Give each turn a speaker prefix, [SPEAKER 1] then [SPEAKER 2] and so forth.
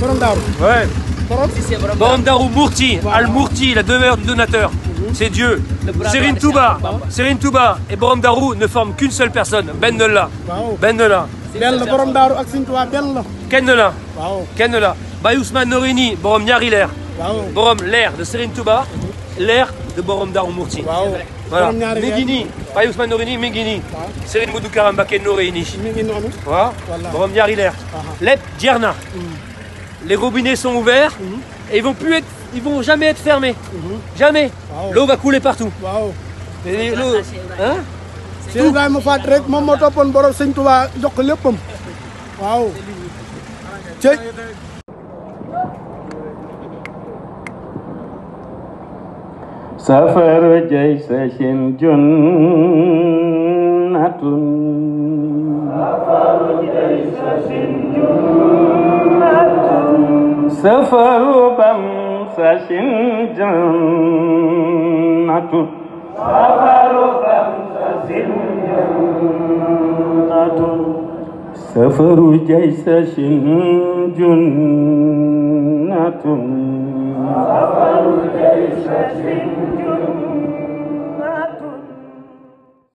[SPEAKER 1] borom daaru. oui. al Mourti la demeure du donateur. c'est Dieu. Serigne Touba Serigne Touba et borom daaru ne forment qu'une seule personne benn la. la. benn la la. kenn Norini borom ñaari leer. waaw de Serigne Touba. leer de borom daaru Mourti. voilà léegi nii Baye Ousmane Nouré nii mi ngi nii ah. Serigne Modou Kara Mbacké Nouré nii mi ngi noonu waaw les robinets sont ouverts mm-hmm. et ils vont jamais être fermés mm-hmm. jamais l'eau va couler partout waaw l'eau hein Cheikh Ibrahima Faat rek moom moo toppoon borom Sëñ Touba jox ko léppam waaw سفر جيش جنة سفر جيش جنة سفر بمسش جنة سفر بمسش جنة سفر جيش جنة سفر جيش جنة